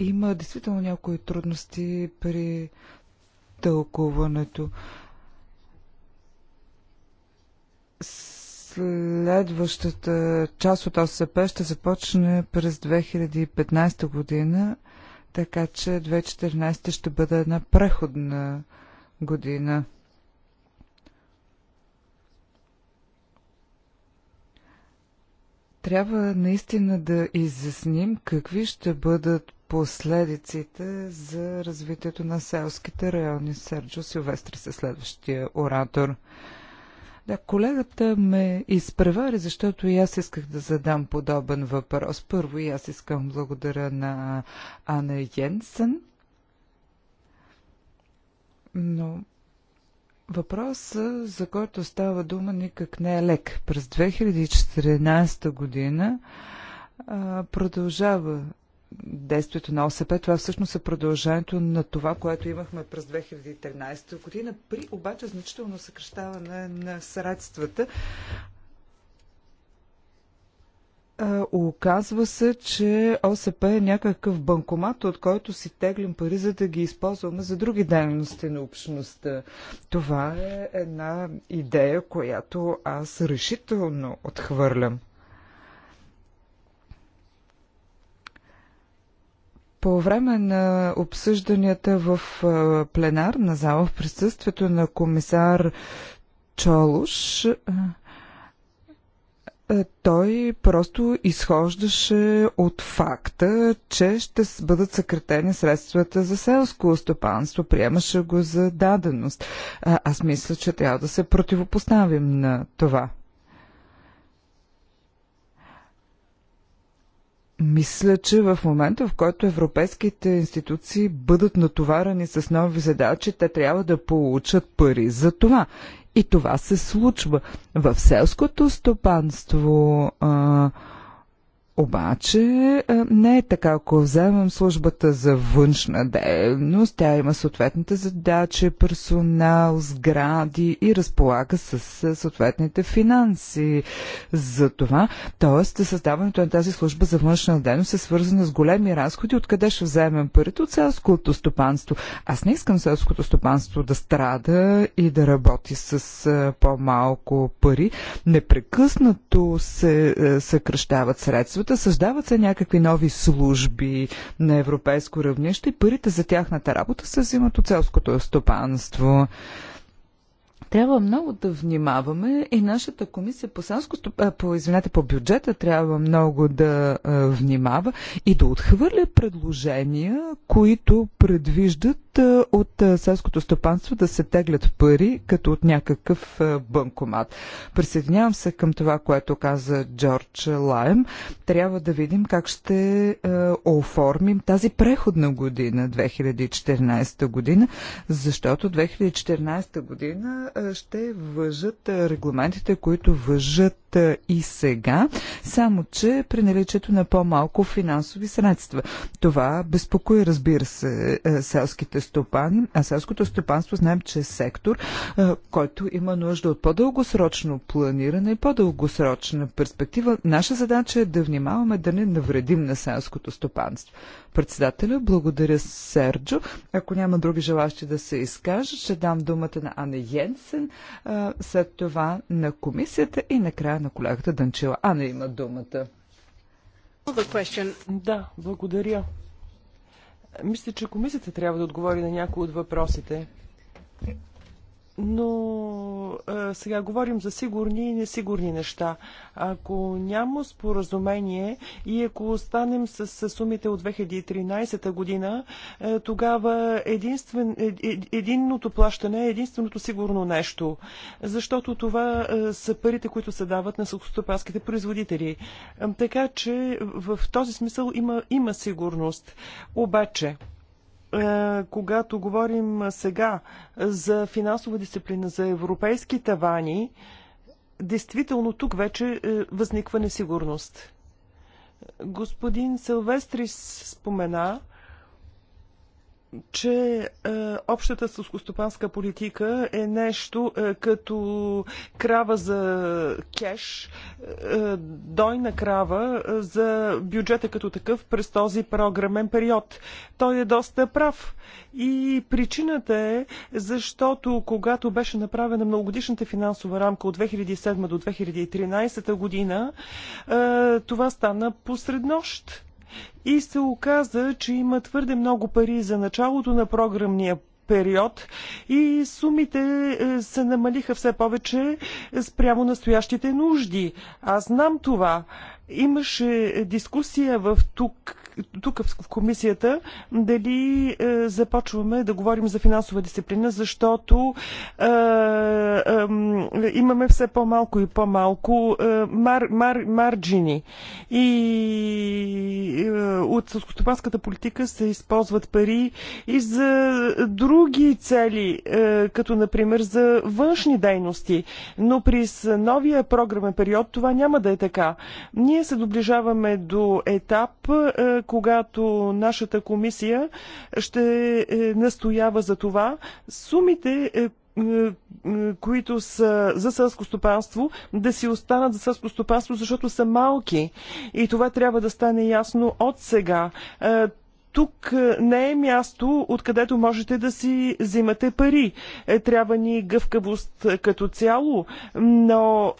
Има действително някои трудности при тълкуването. Следващата част от ОСП ще започне през 2015 година, така че 2014 ще бъде една преходна година. Трябва наистина да изясним какви ще бъдат последиците за развитието на селските райони. Серджо Силвестри се следващия оратор. Да, колегата ме изпревари, защото и аз исках да задам подобен въпрос. Първо и аз искам благодаря на Ана Йенсен. Но въпрос, за който става дума, никак не е лек. През 2014 година а, продължава действието на ОСП. Това всъщност е продължението на това, което имахме през 2013 година, при обаче значително съкрещаване на средствата. Оказва се, че ОСП е някакъв банкомат, от който си теглим пари, за да ги използваме за други дейности на общността. Това е една идея, която аз решително отхвърлям. По време на обсъжданията в пленарна зала, в присъствието на комисар Чолуш, той просто изхождаше от факта, че ще бъдат съкратени средствата за селско стопанство. Приемаше го за даденост. Аз мисля, че трябва да се противопоставим на това. Мисля, че в момента, в който европейските институции бъдат натоварени с нови задачи, те трябва да получат пари за това. И това се случва. В селското стопанство а, обаче не е така. Ако вземем службата за външна дейност, тя има съответните задачи, персонал, сгради и разполага с съответните финанси за това. Тоест, създаването на тази служба за външна дейност е свързана с големи разходи. Откъде ще вземем парите? От селското стопанство. Аз не искам селското стопанство да страда и да работи с по-малко пари. Непрекъснато се съкръщават средства дружествата, създават се някакви нови служби на европейско равнище и парите за тяхната работа се взимат от селското стопанство. Трябва много да внимаваме и нашата комисия по, санско, по, извинете, по бюджета трябва много да а, внимава и да отхвърля предложения, които предвиждат а, от селското стопанство да се теглят пари, като от някакъв а, банкомат. Присъединявам се към това, което каза Джордж Лайм. Трябва да видим как ще а, оформим тази преходна година, 2014 година, защото 2014 година ще въжат регламентите, които въжат та е, и сега, само че при наличието на по-малко финансови средства. Това безпокои, разбира се, е, селските стопани, а селското стопанство знаем, че е сектор, е, който има нужда от по-дългосрочно планиране и по-дългосрочна перспектива. Наша задача е да внимаваме да не навредим на селското стопанство. Председателя, благодаря Серджо. Ако няма други желащи да се изкажат, ще дам думата на Ана Йенсен, след това на комисията и накрая на колегата Данчила. Ана има думата. Да, благодаря. Мисля, че комисията трябва да отговори на някои от въпросите. Но а, е, сега говорим за сигурни и несигурни неща. Ако няма споразумение и ако останем с, с сумите от 2013 година, а, е, тогава единствен, ед, е, единното плащане е единственото сигурно нещо. Защото това а, са парите, които се дават на съкостопанските производители. А, така че в този смисъл има, има сигурност. Обаче, е, когато говорим сега за финансова дисциплина, за европейски тавани, действително тук вече е, възниква несигурност. Господин Силвестрис спомена, че е, общата сълскостопанска политика е нещо е, като крава за кеш, е, дойна крава е, за бюджета като такъв през този програмен период. Той е доста прав. И причината е, защото когато беше направена многогодишната финансова рамка от 2007 до 2013 година, е, това стана посред нощ и се оказа, че има твърде много пари за началото на програмния период и сумите е, се намалиха все повече спрямо настоящите нужди. Аз знам това. Имаше дискусия в тук, тук в комисията дали е, започваме да говорим за финансова дисциплина, защото е, е, имаме все по-малко и по-малко е, мар, мар, марджини. И е, от сълскостопанската политика се използват пари и за други цели, е, като например за външни дейности. Но при новия програмен период това няма да е така. Ние ние се доближаваме до етап, е, когато нашата комисия ще е, настоява за това сумите, е, които са за селско стопанство, да си останат за селско стопанство, защото са малки. И това трябва да стане ясно от сега тук е, не е място, откъдето можете да си взимате пари. Е, трябва ни гъвкавост е, като цяло, но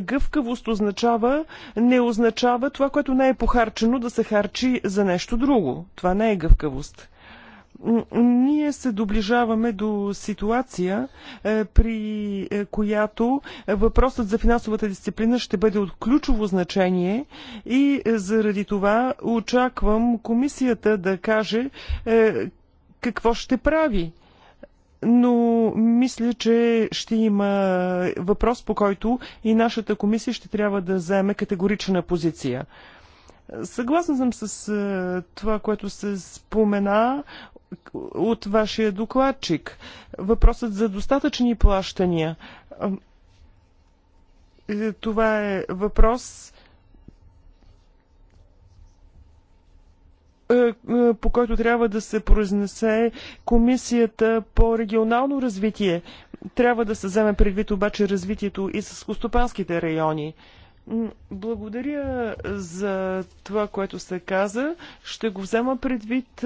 гъвкавост означава, не означава това, което не е похарчено да се харчи за нещо друго. Това не е гъвкавост ние се доближаваме до ситуация, е, при е, която въпросът за финансовата дисциплина ще бъде от ключово значение и е, заради това очаквам комисията да каже какво ще прави но мисля, че ще има въпрос, по който и нашата комисия ще трябва да вземе категорична позиция. Съгласна съм с това, което се спомена от вашия докладчик. Въпросът за достатъчни плащания. Е, това е въпрос, е, е, по който трябва да се произнесе Комисията по регионално развитие. Трябва да се вземе предвид обаче развитието и с костопанските райони. Благодаря за това, което се каза. Ще го взема предвид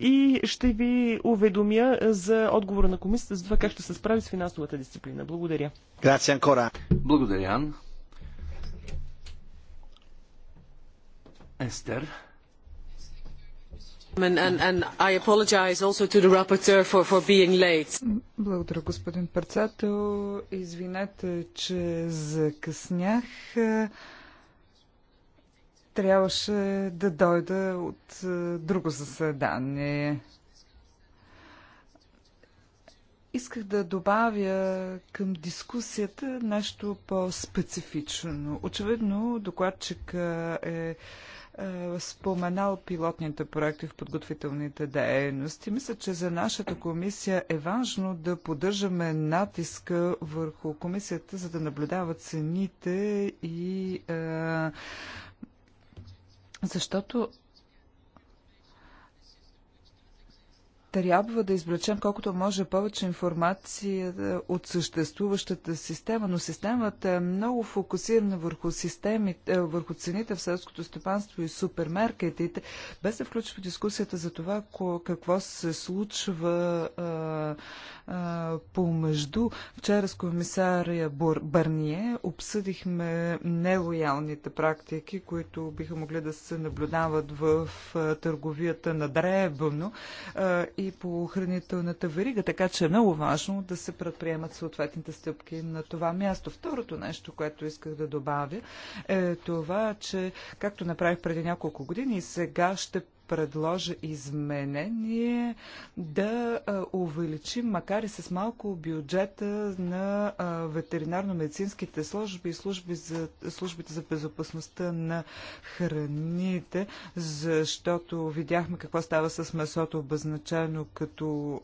и ще ви уведомя за отговора на комисията за това как ще се справи с финансовата дисциплина. Благодаря. Грация Анкора. Благодаря, Ан. Естер. Благодаря, господин председател. Извинете, че закъснях. Трябваше да дойда от е, друго заседание. Исках да добавя към дискусията нещо по-специфично. Очевидно, докладчика е е, споменал пилотните проекти в подготвителните дейности. Мисля, че за нашата комисия е важно да поддържаме натиска върху комисията, за да наблюдават цените и е, защото трябва да извлечем колкото може повече информация е, от съществуващата система, но системата е много фокусирана върху, системите, върху цените в селското стопанство и супермаркетите, без да включва дискусията за това какво се случва а, е, а, е, помежду. Вчера с комисария Барние обсъдихме нелоялните практики, които биха могли да се наблюдават в търговията на дребно и по хранителната верига, така че е много важно да се предприемат съответните стъпки на това място. Второто нещо, което исках да добавя е това, че както направих преди няколко години, сега ще предложа изменение да увеличим, макар и с малко бюджета на ветеринарно-медицинските служби и служби за, службите за безопасността на храните, защото видяхме какво става с месото обозначено като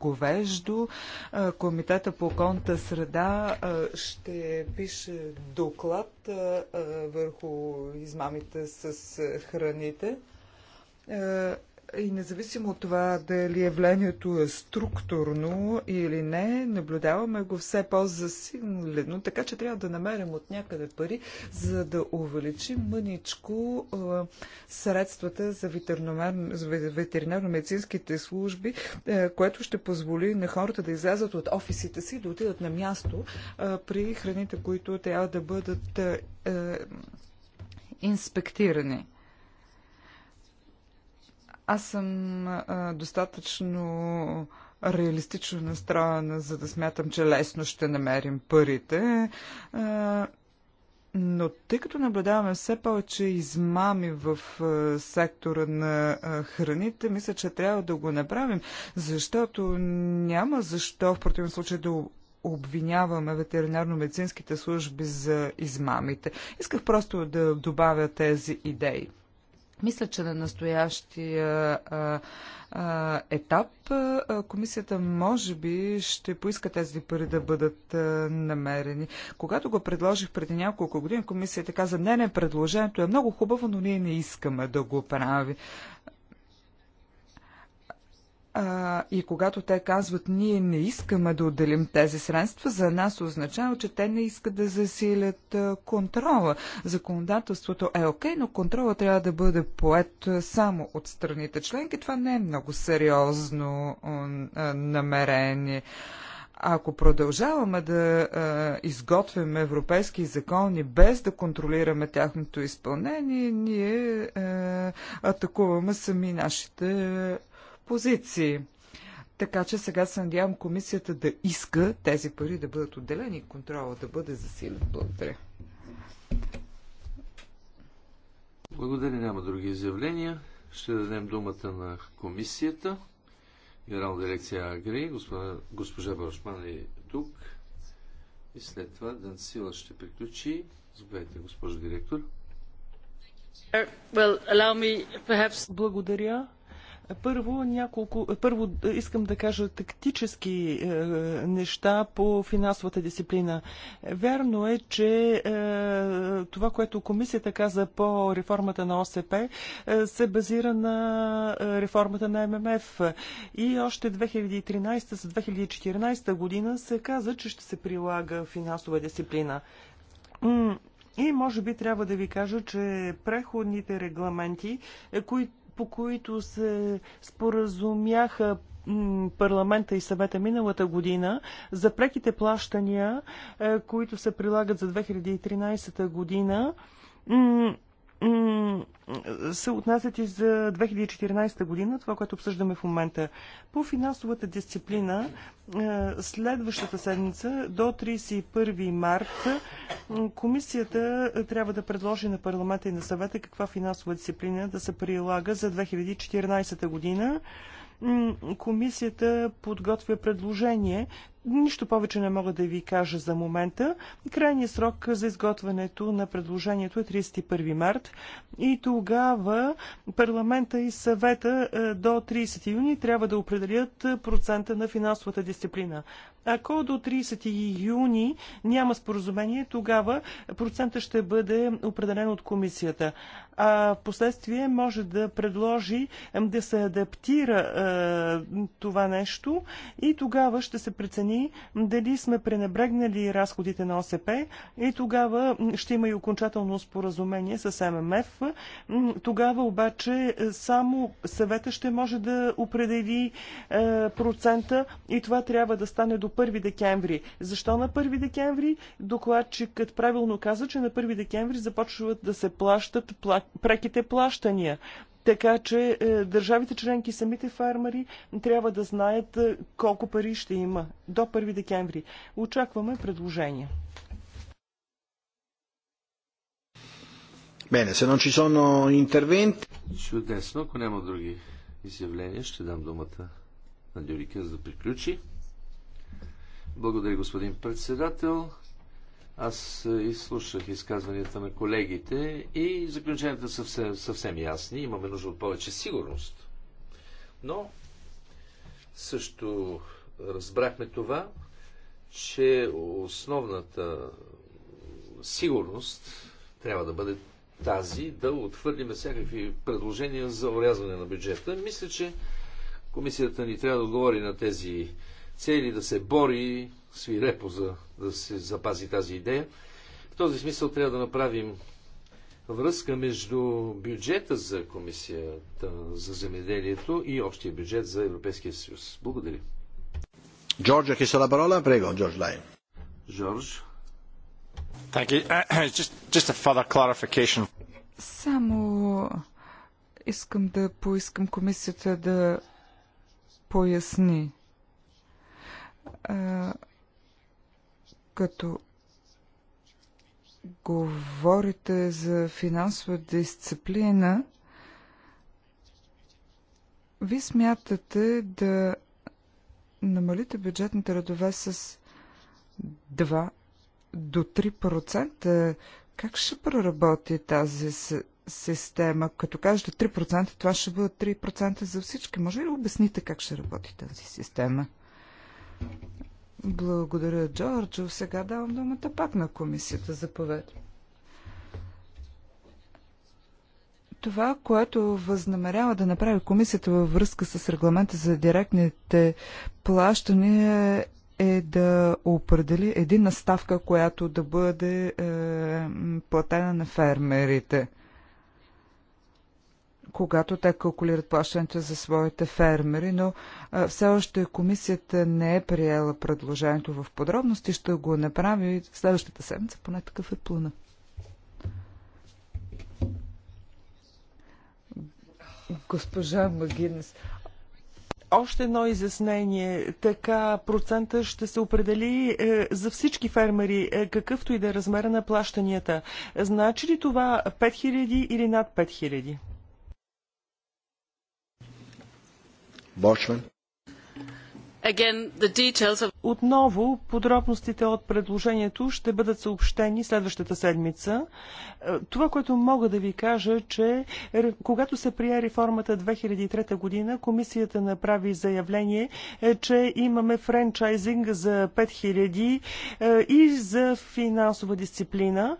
говеждо. Комитета по околната среда ще пише доклад върху измамите с храните. Е, и независимо от това дали явлението е, е структурно или не, наблюдаваме го все по-засилено, така че трябва да намерим от някъде пари, за да увеличим мъничко е, средствата за ветеринарно-медицинските служби, което ще позволи на хората да излязат от офисите си и да отидат на място при храните, които трябва да бъдат инспектирани. Аз съм а, достатъчно реалистично настроена, за да смятам, че лесно ще намерим парите. А, но тъй като наблюдаваме все повече измами в сектора на храните, мисля, че трябва да го направим, защото няма защо в противен случай да обвиняваме ветеринарно-медицинските служби за измамите. Исках просто да добавя тези идеи. Мисля, че на настоящия а, а, етап а, комисията може би ще поиска тези пари да бъдат а, намерени. Когато го предложих преди няколко години, комисията каза, не, не, предложението е много хубаво, но ние не искаме да го прави. А, и когато те казват, ние не искаме да отделим тези средства, за нас означава, че те не искат да засилят контрола. Законодателството е окей, okay, но контрола трябва да бъде поет само от страните членки. Това не е много сериозно намерение ако продължаваме да а, изготвяме европейски закони без да контролираме тяхното изпълнение, ние а, атакуваме сами нашите позиции. Така че сега се надявам комисията да иска тези пари да бъдат отделени и контрола да бъде засилен. Благодаря. Благодаря. Няма други изявления. Ще дадем думата на комисията. Генерална дирекция Агри, госпожа, госпожа Баршман е тук. И след това Дансила ще приключи. Заповядайте, госпожо директор. Благодаря. Първо, няколко, първо искам да кажа тактически е, неща по финансовата дисциплина. Вярно е, че е, това, което комисията каза по реформата на ОСП, е, се базира на е, реформата на ММФ. И още 2013 с 2014 година се каза, че ще се прилага финансова дисциплина. И може би трябва да ви кажа, че преходните регламенти, е, които по които се споразумяха парламента и съвета миналата година за преките плащания, е, които се прилагат за 2013 година, се отнасят и за 2014 година, това, което обсъждаме в момента. По финансовата дисциплина, е, следващата седмица до 31 март комисията трябва да предложи на парламента и на съвета каква финансова дисциплина да се прилага за 2014 година комисията подготвя предложение, Нищо повече не мога да ви кажа за момента. Крайният срок за изготвянето на предложението е 31 март и тогава парламента и съвета е, до 30 юни трябва да определят е, процента на финансовата дисциплина. Ако до 30 юни няма споразумение, тогава процента ще бъде определен от комисията. А в последствие може да предложи да се адаптира е, това нещо и тогава ще се прецени прецени дали сме пренебрегнали разходите на ОСП и тогава ще има и окончателно споразумение с ММФ. Тогава обаче само съвета ще може да определи е, процента и това трябва да стане до 1 декември. Защо на 1 декември? Докладчикът правилно каза, че на 1 декември започват да се плащат преките плащания. Така че е, държавите членки, самите фармари трябва да знаят е, колко пари ще има до 1 декември. Очакваме предложения. Bene, se non ci sono interventi... Чудесно, ако няма други изявления, ще дам думата на Дюрика за да приключи. Благодаря, господин председател. Аз е, изслушах изказванията на колегите и заключенията са съвсем, съвсем ясни. Имаме нужда от повече сигурност. Но също разбрахме това, че основната сигурност трябва да бъде тази, да отхвърлим всякакви предложения за урязване на бюджета. Мисля, че комисията ни трябва да отговори на тези цели, да се бори свирепо, за да се запази тази идея. В този смисъл трябва да направим връзка между бюджета за Комисията за земеделието и общия бюджет за Европейския съюз. Благодаря. Джордж, ке се parola? Prego, Джордж Лайн. Джордж. Uh, uh, Само искам да поискам комисията да поясни. Uh, като говорите за финансова дисциплина, ви смятате да намалите бюджетните редове с 2 до 3%. Как ще проработи тази система? Като кажете 3%, това ще бъдат 3% за всички. Може ли да обясните как ще работи тази система? Благодаря, Джорджо. Сега давам думата пак на комисията. за повед. Това, което възнамерява да направи комисията във връзка с регламента за директните плащания е да определи единна ставка, която да бъде е, платена на фермерите когато те калкулират плащането за своите фермери, но а, все още комисията не е приела предложението в подробности. Ще го направи следващата седмица, поне такъв е плана. Госпожа Магинес, още едно изяснение. Така процента ще се определи е, за всички фермери, е, какъвто и да е размера на плащанията. Значи ли това 5000 или над 5000? Borchman. Again, the details of отново подробностите от предложението ще бъдат съобщени следващата седмица. Е, това, което мога да ви кажа, че когато се прия реформата 2003 година, комисията направи заявление, е, че имаме франчайзинг за 5000 е, и за финансова дисциплина.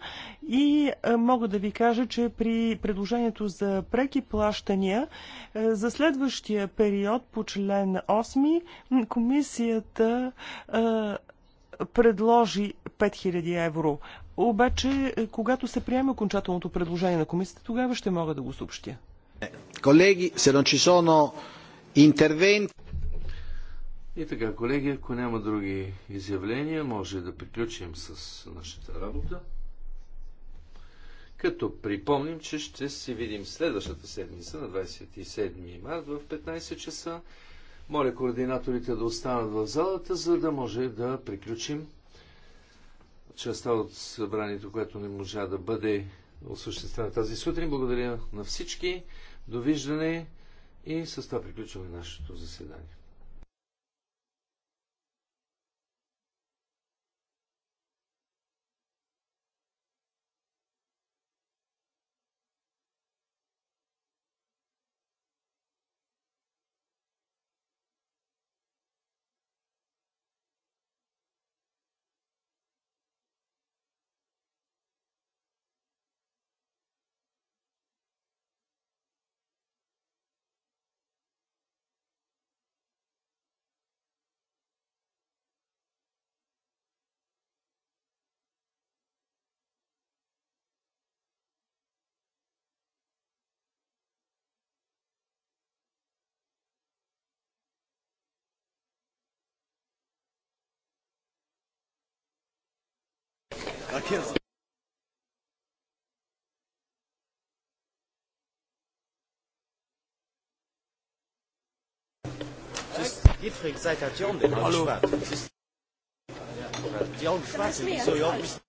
И мога да ви кажа, че при предложението за преки плащания за следващия период по член 8 комисията е, предложи 5000 евро. Обаче, е, когато се приеме окончателното предложение на комисията, тогава ще мога да го съобщя. Колеги, се non ci И така, колеги, ако няма други изявления, може да приключим с нашата работа. Като припомним, че ще се видим следващата седмица на 27 март в 15 часа. Моля координаторите да останат в залата, за да може да приключим частта от събранието, което не можа да бъде осъществена тази сутрин. Благодаря на всички. Довиждане и с това приключваме нашето заседание. verkehrs Jeffrey, seid ihr Jon, den Hallo. Schwarz. Jon Schwarz, so Jon.